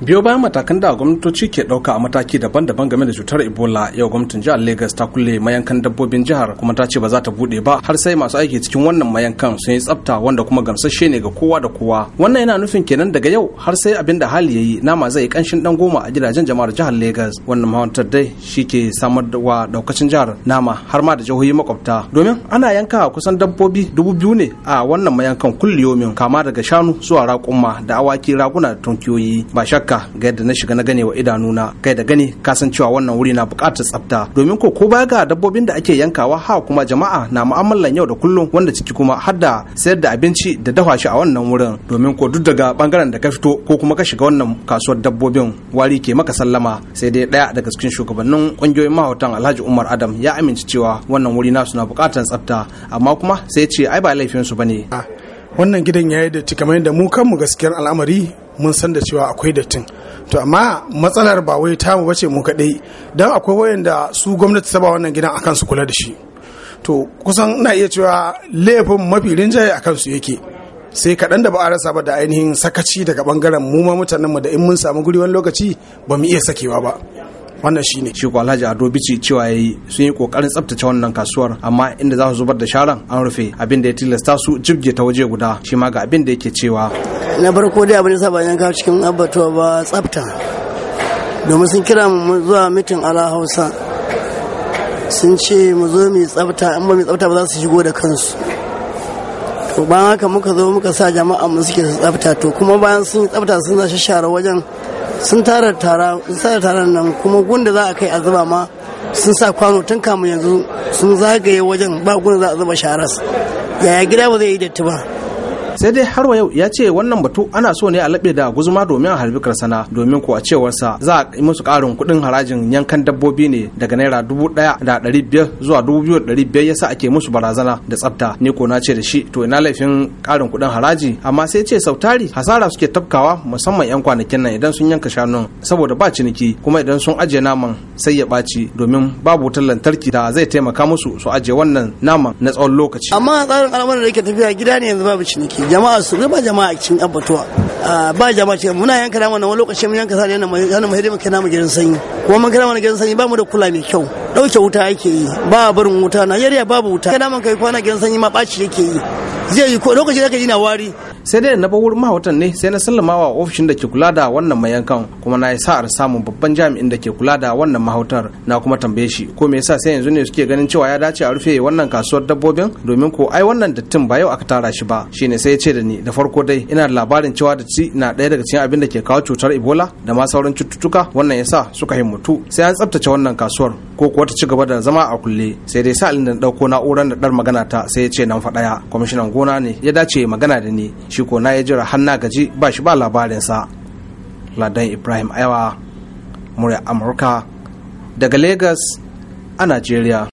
biyo bayan matakan da gwamnatoci ke dauka a mataki daban-daban game da cutar ebola yau gwamnatin jihar lagos ta kulle mayankan dabbobin jihar kuma ta ce ba za ta bude ba har sai masu aiki cikin wannan mayankan sun yi tsafta wanda kuma gamsashe ne ga kowa da kowa wannan yana nufin kenan daga yau har sai abin da hali ya yi. nama zai kanshin dan goma a gidajen jama'ar jihar lagos wannan mahantar dai ke samar wa daukacin jihar nama har ma da jihohi makwabta domin ana yanka kusan dabbobi dubu biyu ne a wannan mayankan kulliyomin kama daga shanu zuwa raƙuma da awaki raguna da tunkiyoyi ba shakka tsafta ga yadda na shiga na gane wa idanuna kai da gani ka san cewa wannan wuri na bukatar tsafta domin ko ko baya ga dabbobin da ake yankawa ha kuma jama'a na mu'amalan yau da kullum wanda ciki kuma har da sayar da abinci da dafa shi a wannan wurin domin ko duk daga bangaren da ka fito ko kuma ka shiga wannan kasuwar dabbobin wari ke maka sallama sai dai daya daga cikin shugabannin kungiyoyin mahautan Alhaji Umar Adam ya amince cewa wannan wuri nasu na bukatar tsafta amma kuma sai ce ai ba laifin su bane ah, wannan gidan ya yi datti kamar yadda mu kanmu gaskiyar al'amari mun san da cewa akwai dattin to amma matsalar ba wai tamu bace mu kadai dan akwai wayanda su gwamnati ta ba wannan gidan akan su kula da shi to kusan ina iya cewa laifin mafi rinjaye akan su yake sai kaɗan da ba a rasa ba da ainihin sakaci daga bangaren mu ma mutanenmu da in mun samu guri wani lokaci ba mu iya sakewa ba wannan shi ne ko Alhaji Ado Bici cewa ya yi sun yi kokarin tsaftace wannan kasuwar amma inda za su zubar da sharan an rufe abinda ya tilasta su jibge ta waje guda shi ma ga abin da yake cewa na farko dai abin da saba yanka cikin abatuwa ba tsafta domin sun kira mu zuwa mitin ala hausa sun ce mu zo mu tsafta in ba mu tsafta ba za su shigo da kansu to bayan haka muka zo muka sa jama'a mu suke tsabta tsafta to kuma bayan sun yi tsafta sun za share wajen sun tara tara sun tara tara nan kuma gunda za a kai a zuba ma sun sa kwano tun kamun yanzu sun zagaye wajen ba gunda za a zuba sharas yaya gida ba zai yi datti ba sai dai har wa yau ya ce wannan batu ana so ne a laɓe da guzuma domin a harbi karsana domin ko a cewarsa za a yi musu ƙarin kuɗin harajin yankan dabbobi ne daga naira dubu ɗaya da ɗari biyar zuwa dubu biyu da ɗari biyar yasa ake musu barazana da tsafta ni ko na ce da shi to ina laifin ƙarin kuɗin haraji amma sai ce sautari hasara suke tafkawa musamman 'yan kwanakin nan idan sun yanka shanun saboda ba ciniki kuma idan sun ajiye naman sai ya ɓaci domin babu wutar lantarki da zai taimaka musu su ajiye wannan naman na tsawon lokaci amma tsarin ƙaramar da ke tafiya gida ne yanzu babu ciniki jama'a su ba jama'a cikin abatuwa ba jama'a cikin muna yanka nama na wani lokacin mun yanka sani yana mai hidima kana mu gidan sanyi kuma mun kana mana gidan sanyi ba mu da kula mai kyau dauke wuta yake yi ba barin wuta yariya babu wuta kana man kai kwana gidan sanyi ma ɓaci yake yi zai yi ko lokacin da ka ji na wari sai dai na ba wurin mahautan ne sai na sallama wa ofishin da ke kula da wannan mayankan kuma na yi sa'ar samun babban jami'in da ke kula da wannan mahautar na kuma tambaye shi ko me yasa sai yanzu ne suke ganin cewa ya dace a rufe wannan kasuwar dabbobin domin ko ai wannan dattin ba yau aka tara shi ba shine sai ya ce da ni da farko dai ina da labarin cewa da ci na ɗaya daga cikin abin da ke kawo cutar ebola da ma sauran cututtuka wannan yasa suka himmatu sai an tsabtace wannan kasuwar ko kuwa ta ci gaba da zama a kulle sai dai sa'alin da dauko na'urar da dar magana ta sai ya ce nan faɗaya kwamishinan gona ne ya dace magana da ni shi ko na ya jira hanna gaji ba shi ba labarinsa ladan ibrahim aiwa murya amurka daga lagos a najeriya